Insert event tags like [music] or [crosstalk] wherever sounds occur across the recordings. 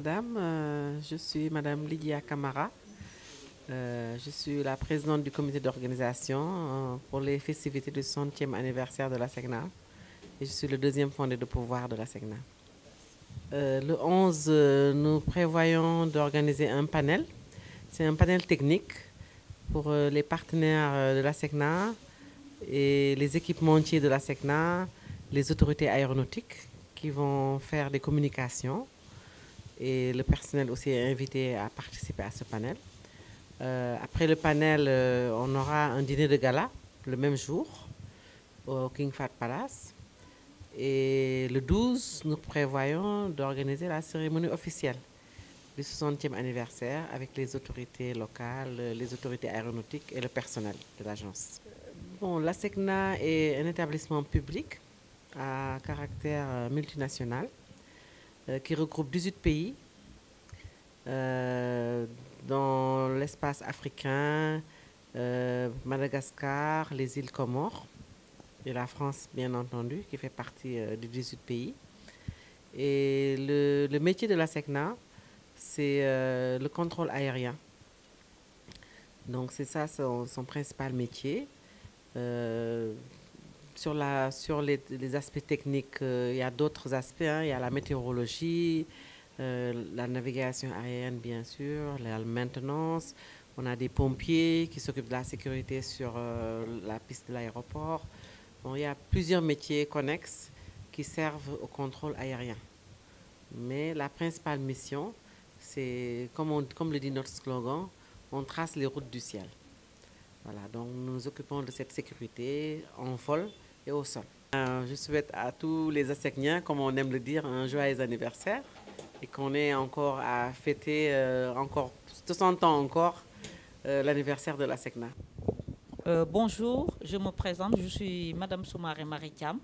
madame. Euh, je suis madame Lydia Camara. Euh, je suis la présidente du comité d'organisation euh, pour les festivités du centième anniversaire de la SECNA. Et je suis le deuxième fondé de pouvoir de la SECNA. le 11, nous prévoyons d'organiser un panel. C'est un panel technique pour les partenaires de la SECNA et les équipementiers de la SECNA, les autorités aéronautiques qui vont faire des communications et le personnel aussi est invité à participer à ce panel. Euh, après le panel, euh, on aura un dîner de gala le même jour au King Fat Palace. Et le 12, nous prévoyons d'organiser la cérémonie officielle du 60e anniversaire avec les autorités locales, les autorités aéronautiques et le personnel de l'agence. Bon, la SECNA est un établissement public à caractère multinational euh, qui regroupe 18 pays euh, dans l'espace africain, euh, Madagascar, les îles Comores et la France, bien entendu, qui fait partie des 18 pays. Et le, métier de la SECNA, c'est le contrôle aérien. Donc c'est ça son, principal métier sur, la, sur les, aspects techniques, euh, il y a d'autres aspects. Hein. il y a la météorologie, euh, la navigation aérienne, bien sûr, la maintenance. On a des pompiers qui s'occupent de la sécurité sur euh, la piste de l'aéroport. Bon, il y a plusieurs métiers connexes qui servent au contrôle aérien. Mais la principale mission, c'est, comme, comme le dit notre slogan, on trace les routes du ciel. Voilà, donc nous nous occupons de cette sécurité en vol, et au sol. Euh, je souhaite à tous les ASECNiens, comme on aime le dire, un joyeux anniversaire et qu'on ait encore à fêter euh, encore 60 ans encore euh, l'anniversaire de la SECNA. bonjour, je me présente, je suis Madame Soumaré Maritiam.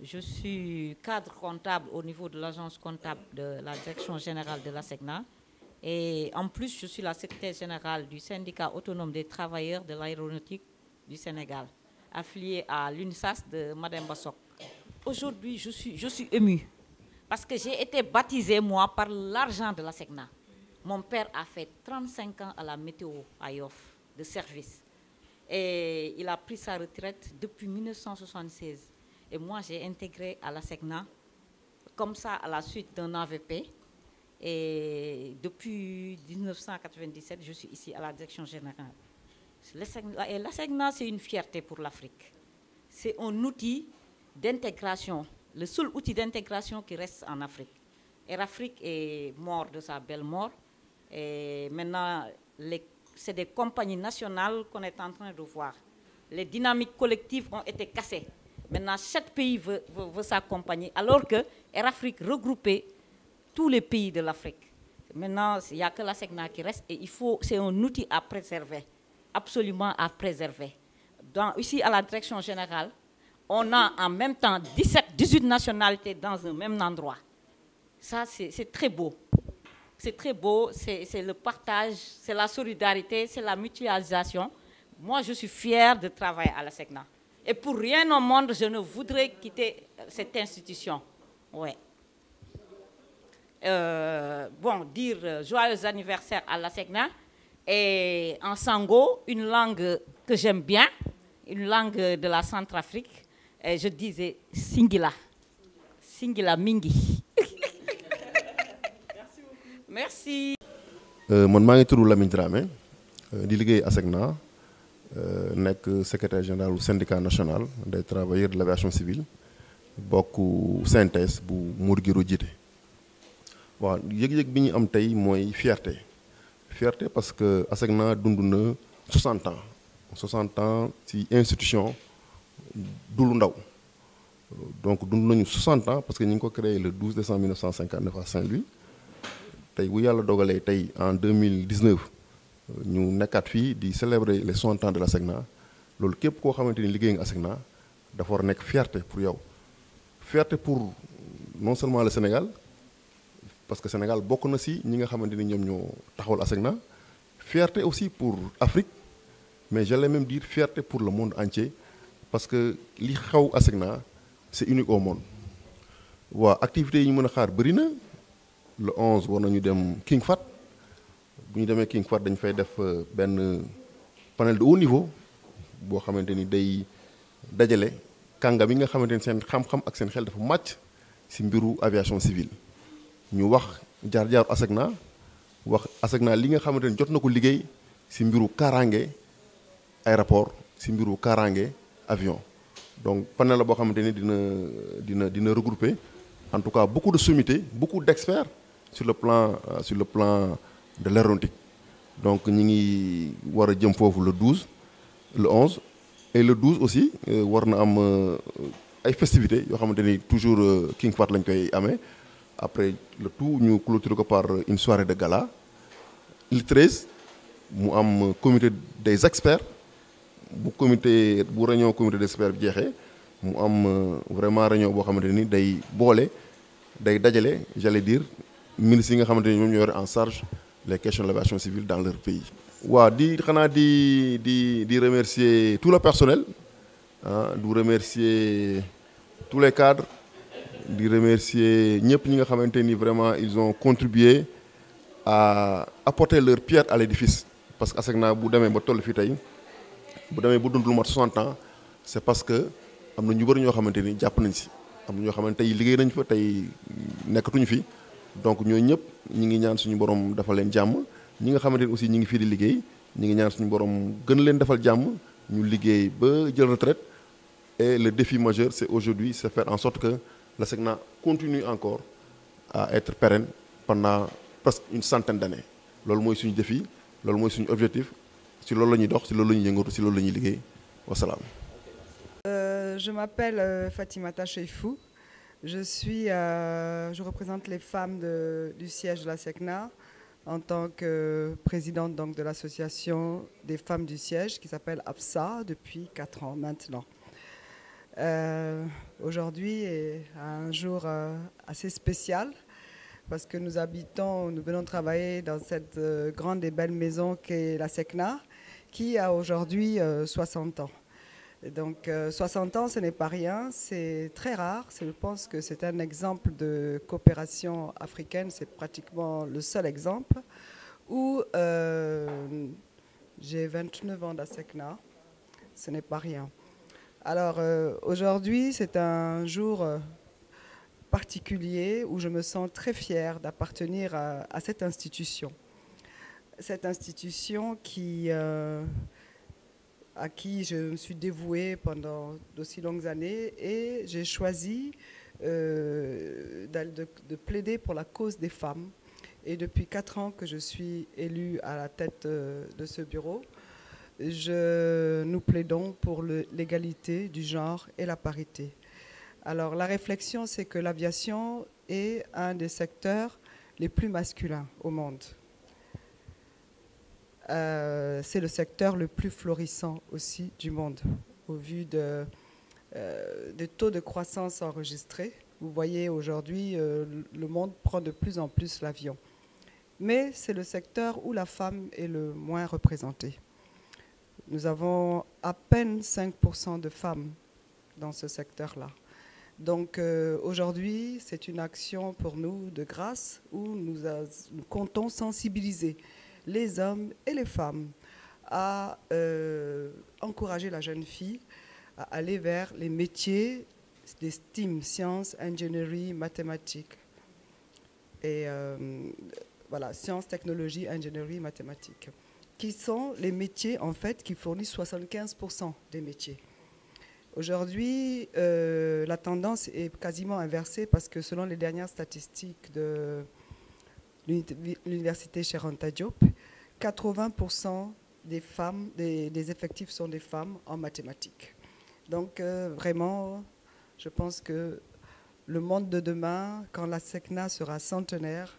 Je suis cadre comptable au niveau de l'agence comptable de la direction générale de la SECNA. Et en plus, je suis la secrétaire générale du syndicat autonome des travailleurs de l'aéronautique du Sénégal affiliée à l'UNSAS de Madame Bassok. Aujourd'hui, je suis, je suis émue parce que j'ai été baptisée, moi, par l'argent de la SECNA. Mon père a fait 35 ans à la météo à Yoff, de service. Et il a pris sa retraite depuis 1976. Et moi, j'ai intégré à la SECNA, comme ça, à la suite d'un AVP. Et depuis 1997, je suis ici à la direction générale. La SEGNA, ah, c'est une fierté pour l'Afrique. C'est un outil d'intégration, le seul outil d'intégration qui reste en Afrique. Et l'Afrique est mort de sa belle mort. Et maintenant, c'est des compagnies nationales qu'on est en train de voir. Les dynamiques collectives ont été cassées. Maintenant, chaque pays veut, veut, s'accompagner, alors que Air Afrique regroupait tous les pays de l'Afrique. Maintenant, il n'y a que la SEGNA qui reste et c'est un outil à préserver absolument à préserver. ici, à la direction générale, on a en même temps 17, 18 nationalités dans un même endroit. Ça, c'est très beau. C'est très beau, c'est le partage, c'est la solidarité, c'est la mutualisation. Moi, je suis fière de travailler à la SECNA. Et pour rien au monde, je ne voudrais quitter euh, cette institution. Ouais. Euh, bon, dire euh, joyeux anniversaire à la SECNA, et en sango, une langue que j'aime bien, une langue de la Centrafrique. Et je disais Singila. Singila Mingi. [laughs] Merci beaucoup. Merci. Mon suis ngi tudd Lamine Dramé di Segna, euh, secrétaire général du syndicat national des travailleurs de l'aviation civile beaucoup synthèse bu Mourguirou jiite waaw yëg-yëg bi ñu am tey mooy fierté fierté parce que Assegna a 60 ans 60 ans si institution de donc nous avons 60 ans parce que nous avons créé le 12 décembre 1959 à Saint-Louis en 2019 nous avons fii célébrer les 60 ans de la loolu képp qui est ni liggéey nga ASECNA d'abord, war une fierté pour nous. fierté pour non seulement le Sénégal parce que Sénégal bokk na si ñi nga xamante ni ñoom ñoo taxawal fierté aussi pour Afrique mais j'allais même dire fierté pour le monde entier parce que li xaw c'est unique au monde wa activité yi ñu mëna xaar bari na le 11 war nañu dem King fat, bu ñu demee King fat dañ fay def ben panel de haut niveau boo xamante ni day dajale kàngam yi nga xamante ni seen xam-xam ak seen xel dafa màcc si mbiru aviation civile ñu wax jaar-jaaru ASECNA wax ASECNA li nga xamante ni jot na ko liggéey si mbiru kaaraange aéroport si mbiru kaaraange avion donc panel la boo xamante ni dina dina dina regrouper en tout cas beaucoup de sommités beaucoup d'experts sur le plan euh, sur le plan de l'aéronautique donc ñi ngi war a jëm foofu le 12 le 11 et le 12 aussi euh, war na am euh, ay festivités yoo xamante ni toujours King part lañ koy amee après le tout nous clôturons par une soirée de gala le 13 avons un comité des experts bu comité bu comité des experts Nous euh, vraiment j'allais dire en charge les questions de civile dans leur pays. Je voudrais remercier tout le personnel ah, remercier tous les cadres di remercier ñëpp ñi nga xamante vraiment ils ont contribué à apporter leur pierre à l'édifice parce que Asekna, bu demee ba toll fii tey bu demee ba dund lu 60 ans c'est parce que amna ñu bëri ñoo xamante ni jàpp nañ si am na ñoo xamante tey liggéey nañ fa tey nekkatuñu fi donc ñooñu ñëpp ñi ngi ñaan suñu borom dafa leen jàmm ñi nga xamante ni aussi ñi ngi fii di liggéey ñi ngi ñaan suñu borom gën leen defal jàmm ñu liggéey ba jël retraite et le défi majeur c'est aujourd'hui c'est faire en sorte que la Secna continue encore à être pérenne pendant presque une centaine d'années C'est un défi c'est objectif si ce que nous dox si ce que nous yëngatu si ce que euh, je m'appelle euh, Fatimata Cheifou je suis euh, je représente les femmes du siège de la SECNA en tant que présidente donc de l'association des femmes du siège qui s'appelle APSA depuis 4 ans maintenant. Euh, aujourd'hui est un jour euh, assez spécial parce que nous habitons, nous venons travailler dans cette euh, grande et belle maison qu'est la SECNA, qui a aujourd'hui 60 ans. donc 60 ans, ce n'est pas rien, c'est très rare. Je pense que c'est un exemple de coopération africaine, c'est pratiquement le seul exemple, où j'ai 29 ans d'ASECNA, ce n'est pas rien. Alors euh, aujourd'hui, c'est un jour euh, particulier où je me sens très fière d'appartenir à, cette institution. Cette institution euh, à qui je me suis dévouée pendant d'aussi longues années et j'ai choisi de, de, plaider pour la cause des femmes. Et depuis quatre ans que je suis élue à la tête de ce bureau, je, nous plaidons pour l'égalité du genre et la parité. Alors la réflexion, c'est que l'aviation est un des secteurs les plus masculins au monde. Euh, c'est le secteur le plus florissant aussi du monde, au vu de, euh, des taux de croissance enregistrés. Vous voyez aujourd'hui, euh, le monde prend de plus en plus l'avion. Mais c'est le secteur où la femme est le moins représentée. Nous avons à peine 5% de femmes dans ce secteur-là. Donc euh, aujourd'hui, c'est une action pour nous de grâce où nous, comptons sensibiliser les hommes et les femmes à euh, encourager la jeune fille à aller vers les métiers des STEAM, sciences, ingénierie, mathématiques. Et euh, voilà, sciences, technologies, ingénierie, mathématiques qui sont les métiers en fait qui fournissent 75% des métiers. Aujourd'hui, euh, la tendance est quasiment inversée parce que selon les dernières statistiques de l'université Cheranta 80% des femmes, des, effectifs sont des femmes en mathématiques. Donc euh, vraiment, je pense que le monde de demain, quand la SECNA sera centenaire,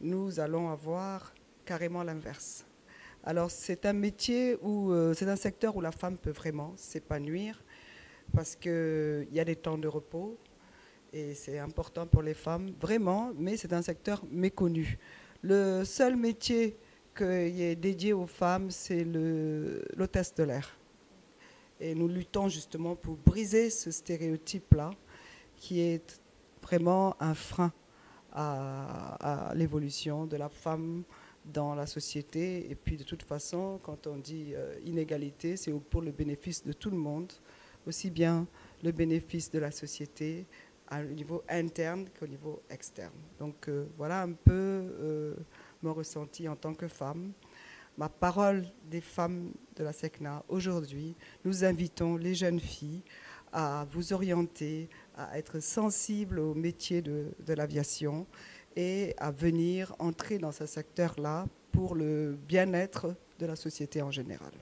nous allons avoir carrément l'inverse. Alors c'est un métier où, euh, c'est un secteur où la femme peut vraiment s'épanouir parce qu'il y a des temps de repos et c'est important pour les femmes, vraiment, mais c'est un secteur méconnu. Le seul métier qui est dédié aux femmes, c'est l'hôtesse de l'air. Et nous luttons justement pour briser ce stéréotype-là, qui est vraiment un frein à l'évolution de la femme dans la société. Et puis de toute façon, quand on dit euh, inégalité, c'est pour le bénéfice de tout le monde, aussi bien le bénéfice de la société au niveau interne qu'au niveau externe. Donc euh, voilà un peu euh, mon ressenti en tant que femme. Ma parole des femmes de la SECNA aujourd'hui, nous invitons les jeunes filles à vous orienter, à être sensibles au métier de, de l'aviation et à venir entrer dans ce secteur-là pour le bien-être de la société en général.